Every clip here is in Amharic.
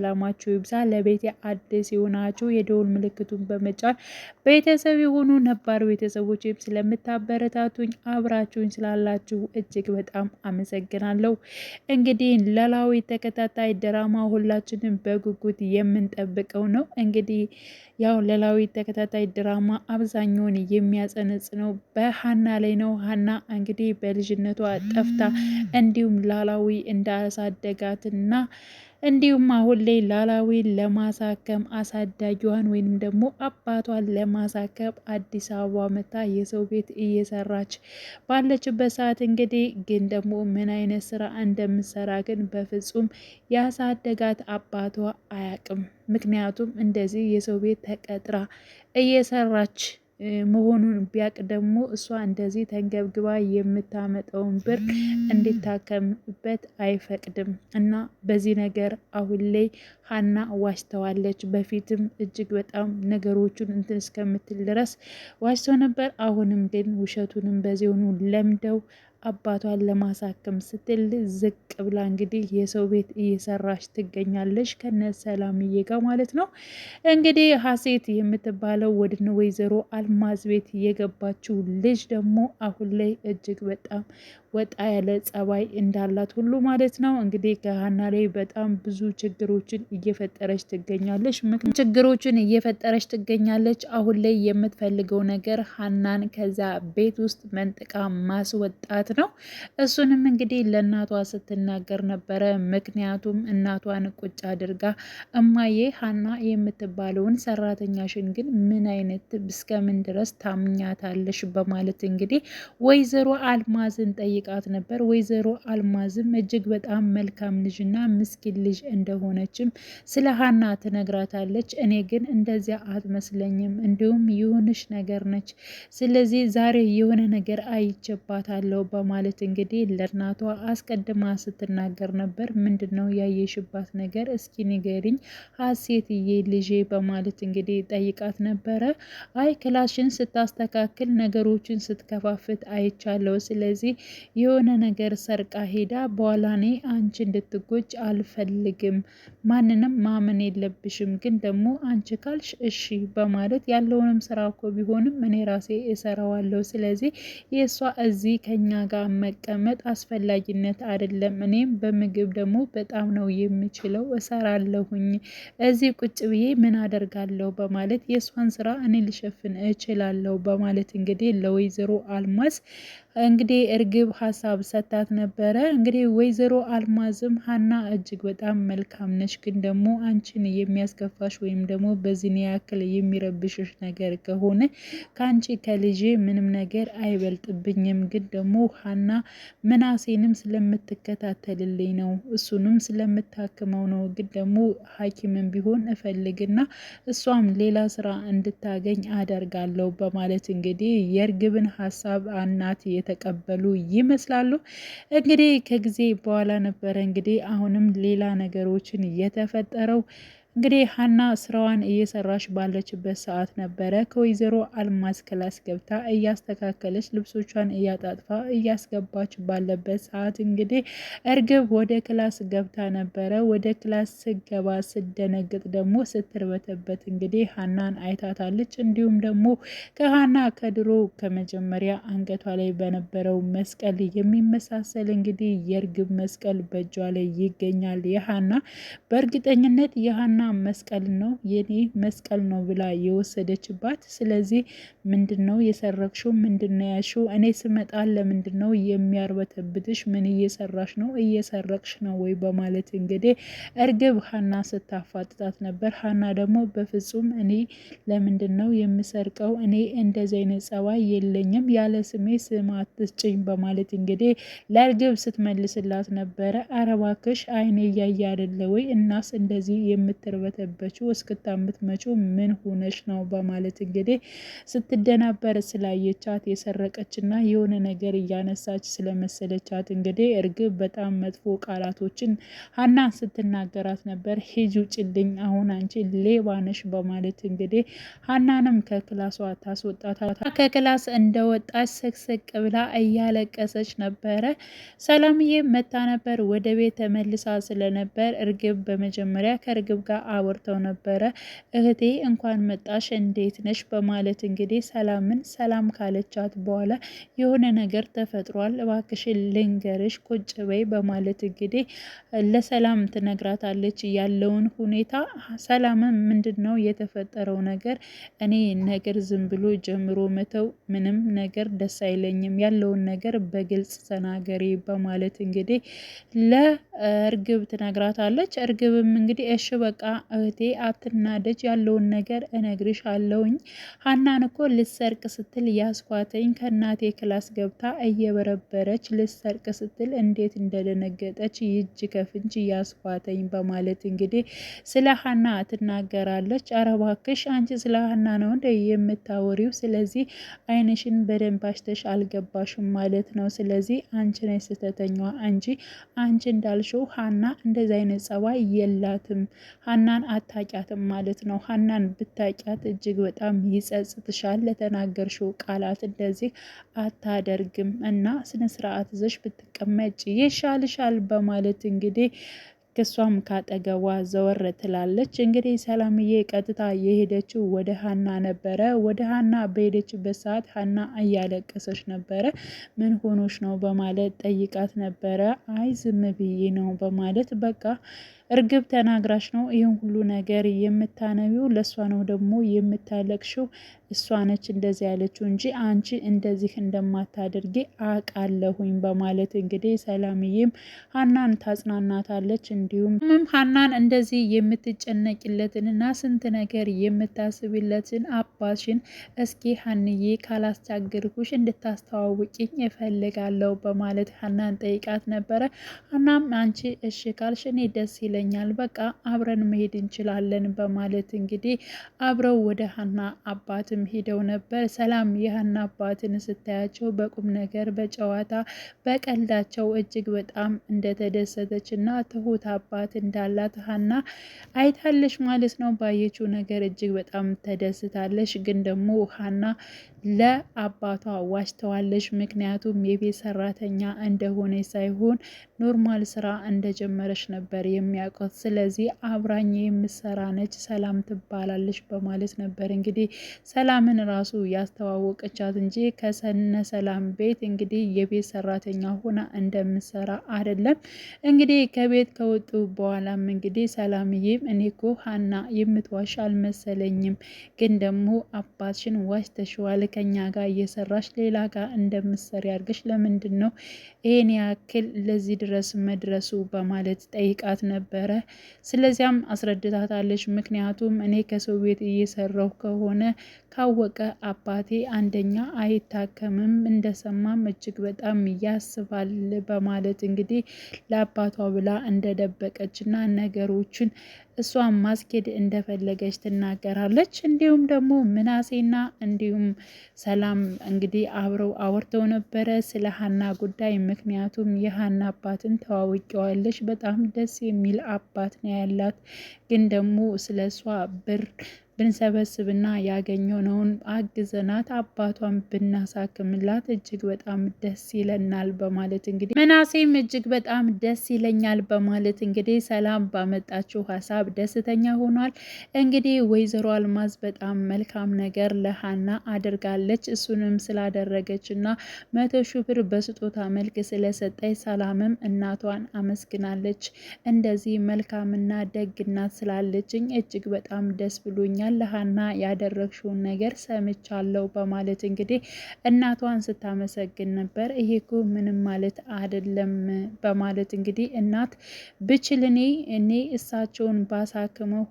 ሰላማችሁ ይብዛ። ለቤቴ አዲስ የሆናችሁ የደውል ምልክቱን በመጫን ቤተሰብ የሆኑ ነባር ቤተሰቦችም ስለምታበረታቱኝ አብራችሁኝ ስላላችሁ እጅግ በጣም አመሰግናለሁ። እንግዲህ ኖላዊ ተከታታይ ድራማ ሁላችንም በጉጉት የምንጠብቀው ነው። እንግዲህ ያው ኖላዊ ተከታታይ ድራማ አብዛኛውን ነው በሀና ላይ ነው። ሀና እንግዲህ በልጅነቷ ጠፍታ እንዲሁም ኖላዊ እንዳሳደጋትና እንዲሁም አሁን ላይ ላላዊን ለማሳከም አሳዳጊዋን ወይንም ደግሞ አባቷን ለማሳከም አዲስ አበባ መታ የሰው ቤት እየሰራች ባለችበት ሰዓት እንግዲህ ግን ደግሞ ምን አይነት ስራ እንደምሰራ ግን በፍጹም ያሳደጋት አባቷ አያቅም። ምክንያቱም እንደዚህ የሰው ቤት ተቀጥራ እየሰራች መሆኑን ቢያቅ ደግሞ እሷ እንደዚህ ተንገብግባ የምታመጠውን ብር እንድታከምበት አይፈቅድም እና በዚህ ነገር አሁን ላይ ሀና ዋሽተዋለች። በፊትም እጅግ በጣም ነገሮቹን እንትን እስከምትል ድረስ ዋሽተው ነበር። አሁንም ግን ውሸቱንም በዚሁኑ ለምደው አባቷን ለማሳከም ስትል ዝቅ ብላ እንግዲህ የሰው ቤት እየሰራች ትገኛለች ከነ ሰላምዬ ጋር ማለት ነው። እንግዲህ ሀሴት የምትባለው ወድን ወይዘሮ አልማዝ ቤት የገባችው ልጅ ደግሞ አሁን ላይ እጅግ በጣም ወጣ ያለ ጸባይ እንዳላት ሁሉ ማለት ነው። እንግዲህ ከሀና ላይ በጣም ብዙ ችግሮችን እየፈጠረች ትገኛለች። ችግሮችን እየፈጠረች ትገኛለች። አሁን ላይ የምትፈልገው ነገር ሀናን ከዛ ቤት ውስጥ መንጥቃ ማስወጣት ነው። እሱንም እንግዲህ ለእናቷ ስትናገር ነበረ። ምክንያቱም እናቷን ቁጭ አድርጋ እማዬ ሀና የምትባለውን ሰራተኛሽን ግን ምን አይነት እስከምን ድረስ ታምኛታለሽ? በማለት እንግዲህ ወይዘሮ አልማዝን ጠይቅ ጠይቃት ነበር። ወይዘሮ አልማዝም እጅግ በጣም መልካም ልጅና ምስኪን ልጅ እንደሆነችም ስለ ሀና ትነግራታለች። እኔ ግን እንደዚያ አትመስለኝም፣ እንዲሁም ይሁንሽ ነገር ነች። ስለዚህ ዛሬ የሆነ ነገር አይቼባታለሁ በማለት እንግዲህ ለእናቷ አስቀድማ ስትናገር ነበር። ምንድን ነው ያየሽባት ነገር እስኪ ንገሪኝ ሀሴትዬ ልጄ በማለት እንግዲህ ጠይቃት ነበረ። አይ ክላሽን ስታስተካክል ነገሮችን ስትከፋፍት አይቻለሁ። ስለዚህ የሆነ ነገር ሰርቃ ሄዳ በኋላ እኔ አንቺ እንድትጎጅ አልፈልግም፣ ማንንም ማመን የለብሽም፣ ግን ደግሞ አንቺ ካልሽ እሺ በማለት ያለውንም ስራ እኮ ቢሆንም እኔ ራሴ እሰራዋለሁ። ስለዚህ የእሷ እዚህ ከኛ ጋር መቀመጥ አስፈላጊነት አይደለም። እኔም በምግብ ደግሞ በጣም ነው የምችለው፣ እሰራለሁኝ። እዚህ ቁጭ ብዬ ምን አደርጋለሁ በማለት የእሷን ስራ እኔ ልሸፍን እችላለሁ በማለት እንግዲህ ለወይዘሮ አልማዝ እንግዲህ እርግብ ሀሳብ ሰታት ነበረ። እንግዲህ ወይዘሮ አልማዝም ሀና እጅግ በጣም መልካም ነች፣ ግን ደግሞ አንቺን የሚያስከፋሽ ወይም ደግሞ በዚህ ያክል የሚረብሽሽ ነገር ከሆነ ከአንቺ ከልጄ ምንም ነገር አይበልጥብኝም፣ ግን ደግሞ ሀና ምናሴንም ስለምትከታተልልኝ ነው፣ እሱንም ስለምታክመው ነው። ግን ደግሞ ሐኪምን ቢሆን እፈልግና እሷም ሌላ ስራ እንድታገኝ አደርጋለሁ በማለት እንግዲህ የእርግብን ሀሳብ አናት የተቀበሉ ይመስላሉ። እንግዲህ ከጊዜ በኋላ ነበረ እንግዲህ አሁንም ሌላ ነገሮችን የተፈጠረው እንግዲህ ሀና ስራዋን እየሰራች ባለችበት ሰዓት ነበረ ከወይዘሮ አልማዝ ክላስ ገብታ እያስተካከለች ልብሶቿን እያጣጥፋ እያስገባች ባለበት ሰዓት እንግዲህ እርግብ ወደ ክላስ ገብታ ነበረ። ወደ ክላስ ስገባ ስደነግጥ ደግሞ ስትርበተበት እንግዲህ ሀናን አይታታለች። እንዲሁም ደግሞ ከሀና ከድሮ ከመጀመሪያ አንገቷ ላይ በነበረው መስቀል የሚመሳሰል እንግዲህ የእርግብ መስቀል በእጇ ላይ ይገኛል። የሀና በእርግጠኝነት የሀና እና መስቀል ነው የኔ መስቀል ነው ብላ የወሰደችባት። ስለዚህ ምንድን ነው የሰረቅሽው? ምንድን ነው ያልሽው? እኔ ስመጣ ለምንድን ነው የሚያርበተብትሽ? ምን እየሰራሽ ነው? እየሰረቅሽ ነው ወይ? በማለት እንግዲህ እርግብ ሀና ስታፋጥጣት ነበር። ሀና ደግሞ በፍጹም እኔ ለምንድን ነው የምሰርቀው? እኔ እንደዚህ አይነት ጸባይ የለኝም፣ ያለ ስሜ ስም አትስጭኝ በማለት እንግዲህ ለእርግብ ስትመልስላት ነበረ። አረባክሽ አይኔ እያየ አይደለ ወይ እናስ እንደዚህ የምት እስክታምት መጪው ምን ሆነች ነው በማለት እንግዲህ ስትደናበር ስላየቻት የሰረቀችና የሆነ ነገር እያነሳች ስለመሰለቻት እንግዲህ እርግብ በጣም መጥፎ ቃላቶችን ሀና ስትናገራት ነበር። ሂጂ ውጭልኝ፣ አሁን አንቺ ሌባነሽ በማለት እንግዲህ ሀናንም ከክላሷ ታስወጣታ። ከክላስ እንደወጣች ስቅስቅ ብላ እያለቀሰች ነበረ። ሰላምዬ መታ ነበር ወደ ቤት ተመልሳ ስለነበር እርግብ በመጀመሪያ ከእርግብ ጋር አውርተው ነበረ። እህቴ እንኳን መጣሽ፣ እንዴት ነሽ በማለት እንግዲህ ሰላምን ሰላም ካለቻት በኋላ የሆነ ነገር ተፈጥሯል፣ እባክሽ ልንገርሽ፣ ቁጭ በይ በማለት እንግዲህ ለሰላም ትነግራታለች ያለውን ሁኔታ። ሰላምን ምንድን ነው የተፈጠረው ነገር? እኔ ነገር ዝም ብሎ ጀምሮ መተው ምንም ነገር ደስ አይለኝም፣ ያለውን ነገር በግልጽ ተናገሪ በማለት እንግዲህ ለእርግብ ትነግራታለች። እርግብም እንግዲህ እሺ በቃ እህቴ አትናደጅ፣ ያለውን ነገር እነግርሽ አለውኝ። ሀናን እኮ ልሰርቅ ስትል ያስኳተኝ ከእናቴ ክላስ ገብታ እየበረበረች ልሰርቅ ስትል እንዴት እንደደነገጠች ይጅ ከፍንጅ ያስኳተኝ በማለት እንግዲህ ስለ ሀና ትናገራለች። አረባክሽ አንቺ ስለ ሀና ነው እንደ የምታወሪው? ስለዚህ አይንሽን በደንብ አሽተሽ አልገባሽም ማለት ነው። ስለዚህ አንቺ ነሽ ስህተተኛዋ እንጂ አንቺ እንዳልሽው ሀና እንደዚ አይነት ጸባይ የላትም። ሀናን አታቂያትም ማለት ነው። ሀናን ብታቂያት እጅግ በጣም ይጸጽትሻል። ለተናገርሽው ቃላት እንደዚህ አታደርግም እና ስነስርዓት ዘሽ ብትቀመጭ ይሻልሻል በማለት እንግዲህ ክሷም ካጠገቧ ዘወር ትላለች። እንግዲህ ሰላምዬ ቀጥታ የሄደችው ወደ ሀና ነበረ። ወደ ሀና በሄደችበት ሰዓት ሀና እያለቀሰች ነበረ። ምን ሆኖች ነው በማለት ጠይቃት ነበረ። አይ ዝም ብዬ ነው በማለት በቃ እርግብ ተናግራሽ ነው ይህን ሁሉ ነገር የምታነቢው፣ ለእሷ ነው ደግሞ የምታለቅሽው፣ እሷ ነች እንደዚህ ያለችው እንጂ አንቺ እንደዚህ እንደማታደርጊ አቃለሁኝ በማለት እንግዲህ ሰላምዬም ሀናን ታጽናናታለች። እንዲሁም ሀናን እንደዚህ የምትጨነቂለትንና ስንት ነገር የምታስብለትን አባትሽን እስኪ ሀንዬ ካላስቻግርኩሽ እንድታስተዋውቂኝ እፈልጋለሁ በማለት ሀናን ጠይቃት ነበረ። ሀናም አንቺ እሺ ካልሽ እኔ ደስ ይለ ይለኛል፣ በቃ አብረን መሄድ እንችላለን በማለት እንግዲህ አብረው ወደ ሀና አባትም ሄደው ነበር። ሰላም የሀና አባትን ስታያቸው በቁም ነገር በጨዋታ በቀልዳቸው እጅግ በጣም እንደተደሰተች እና ትሁት አባት እንዳላት ሀና አይታለች ማለት ነው። ባየችው ነገር እጅግ በጣም ተደስታለች። ግን ደግሞ ሀና ለአባቷ ዋሽተዋለች። ምክንያቱም የቤት ሰራተኛ እንደሆነ ሳይሆን ኖርማል ስራ እንደጀመረች ነበር የሚያውቁት። ስለዚህ አብራኝ የምሰራ ነች ሰላም ትባላለች በማለት ነበር እንግዲህ ሰላምን ራሱ ያስተዋወቀቻት እንጂ ከሰነ ሰላም ቤት እንግዲህ የቤት ሰራተኛ ሆና እንደምሰራ አይደለም። እንግዲህ ከቤት ከወጡ በኋላም እንግዲህ ሰላምዬም እኔ እኮ ሀና የምትዋሽ አልመሰለኝም፣ ግን ደግሞ አባትሽን ዋሽተሽዋል ከኛ ጋር እየሰራሽ ሌላ ጋር እንደምትሰሪ አድርገሽ ለምንድን ነው ይሄን ያክል ለዚህ ድረስ መድረሱ በማለት ጠይቃት ነበረ። ስለዚያም አስረድታታለች። ምክንያቱም እኔ ከሰው ቤት እየሰራው ከሆነ ካወቀ አባቴ አንደኛ አይታከምም፣ እንደሰማም እጅግ በጣም ያስባል በማለት እንግዲህ ለአባቷ ብላ እንደደበቀችና ነገሮችን እሷን ማስኬድ እንደፈለገች ትናገራለች። እንዲሁም ደግሞ ምናሴና እንዲሁም ሰላም እንግዲህ አብረው አውርተው ነበረ ስለ ሀና ጉዳይ። ምክንያቱም የሀና አባትን ተዋውቂዋለች። በጣም ደስ የሚል አባት ነው ያላት። ግን ደግሞ ስለ እሷ ብር ብንሰበስብና ያገኘነውን አግዘናት አባቷን ብናሳክምላት እጅግ በጣም ደስ ይለናል በማለት እንግዲህ ምናሴም እጅግ በጣም ደስ ይለኛል በማለት እንግዲህ ሰላም ባመጣችው ሀሳብ ደስተኛ ሆኗል። እንግዲህ ወይዘሮ አልማዝ በጣም መልካም ነገር ለሀና አድርጋለች። እሱንም ስላደረገች እና መቶ ሺህ ብር በስጦታ መልክ ስለሰጠች ሰላምም እናቷን አመስግናለች። እንደዚህ መልካምና ደግ እናት ስላለችኝ እጅግ በጣም ደስ ብሎኛል አለሃና ያደረግሽውን ነገር ሰምቻለሁ በማለት እንግዲህ እናቷን ስታመሰግን ነበር። ይሄ እኮ ምንም ማለት አይደለም በማለት እንግዲህ እናት ብችል እኔ እኔ እሳቸውን ባሳክመው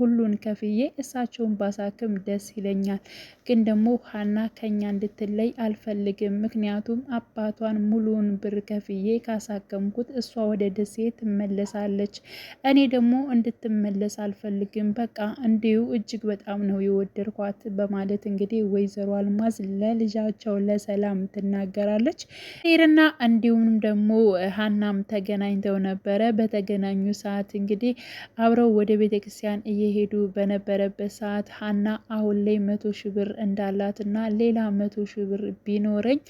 ሁሉን ከፍዬ እሳቸውን ባሳክም ደስ ይለኛል፣ ግን ደግሞ ሀና ከኛ እንድትለይ አልፈልግም። ምክንያቱም አባቷን ሙሉውን ብር ከፍዬ ካሳከምኩት እሷ ወደ ደሴ ትመለሳለች፣ እኔ ደግሞ እንድትመለስ አልፈልግም። በቃ እንዲሁ እጅግ እጅግ በጣም ነው የወደድኳት በማለት እንግዲህ ወይዘሮ አልማዝ ለልጃቸው ለሰላም ትናገራለች። ሄርና እንዲሁም ደግሞ ሀናም ተገናኝተው ነበረ። በተገናኙ ሰዓት እንግዲህ አብረው ወደ ቤተክርስቲያን እየሄዱ በነበረበት ሰዓት ሀና አሁን ላይ መቶ ሺህ ብር እንዳላትና ሌላ መቶ ሺህ ብር ቢኖረኝ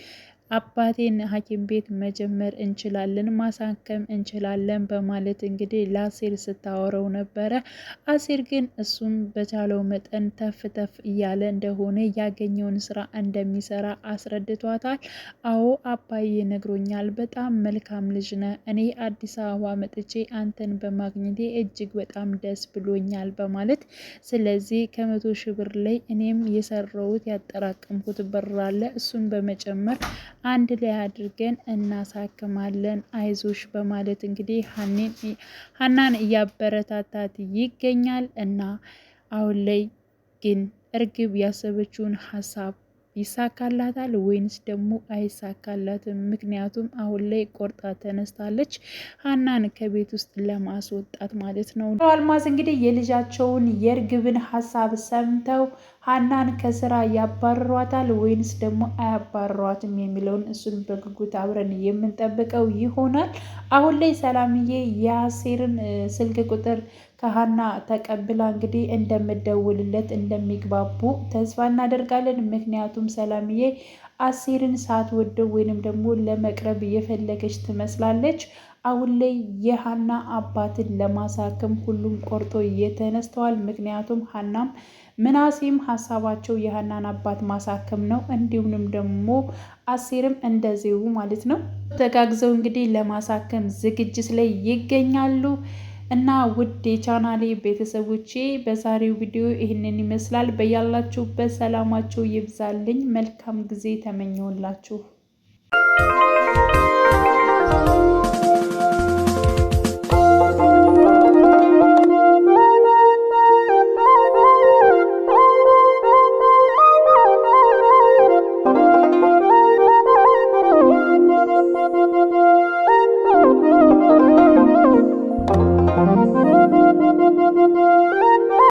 አባቴን ሐኪም ቤት መጀመር እንችላለን ማሳከም እንችላለን በማለት እንግዲህ ለአሴር ስታወረው ነበረ። አሴር ግን እሱም በቻለው መጠን ተፍ ተፍ እያለ እንደሆነ ያገኘውን ስራ እንደሚሰራ አስረድቷታል። አዎ አባዬ ነግሮኛል፣ በጣም መልካም ልጅ ነ እኔ አዲስ አበባ መጥቼ አንተን በማግኘቴ እጅግ በጣም ደስ ብሎኛል በማለት ስለዚህ ከመቶ ሺህ ብር ላይ እኔም የሰራሁት ያጠራቀምኩት ብር አለ እሱን በመጨመር አንድ ላይ አድርገን እናሳክማለን፣ አይዞሽ በማለት እንግዲህ ሀናን እያበረታታት ይገኛል እና አሁን ላይ ግን እርግብ ያሰበችውን ሀሳብ ይሳካላታል ወይንስ ደግሞ አይሳካላትም? ምክንያቱም አሁን ላይ ቆርጣ ተነስታለች ሀናን ከቤት ውስጥ ለማስወጣት ማለት ነው። አልማዝ እንግዲህ የልጃቸውን የእርግብን ሀሳብ ሰምተው ሀናን ከስራ ያባርሯታል ወይንስ ደግሞ አያባርሯትም የሚለውን እሱን በጉጉት አብረን የምንጠብቀው ይሆናል። አሁን ላይ ሰላምዬ የአሴርን ስልክ ቁጥር ከሀና ተቀብላ እንግዲህ እንደምደውልለት እንደሚግባቡ ተስፋ እናደርጋለን። ምክንያቱም ሰላምዬ አሲርን ሳትወደው ወይንም ደግሞ ለመቅረብ እየፈለገች ትመስላለች። አሁን ላይ የሀና አባትን ለማሳከም ሁሉም ቆርጦ እየተነስተዋል። ምክንያቱም ሀናም ምናሴም ሀሳባቸው የሀናን አባት ማሳከም ነው። እንዲሁም ደግሞ አሴርም እንደዚሁ ማለት ነው። ተጋግዘው እንግዲህ ለማሳከም ዝግጅት ላይ ይገኛሉ። እና ውድ የቻናሌ ቤተሰቦቼ በዛሬው ቪዲዮ ይህንን ይመስላል። በያላችሁበት ሰላማችሁ ይብዛልኝ። መልካም ጊዜ ተመኘውላችሁ።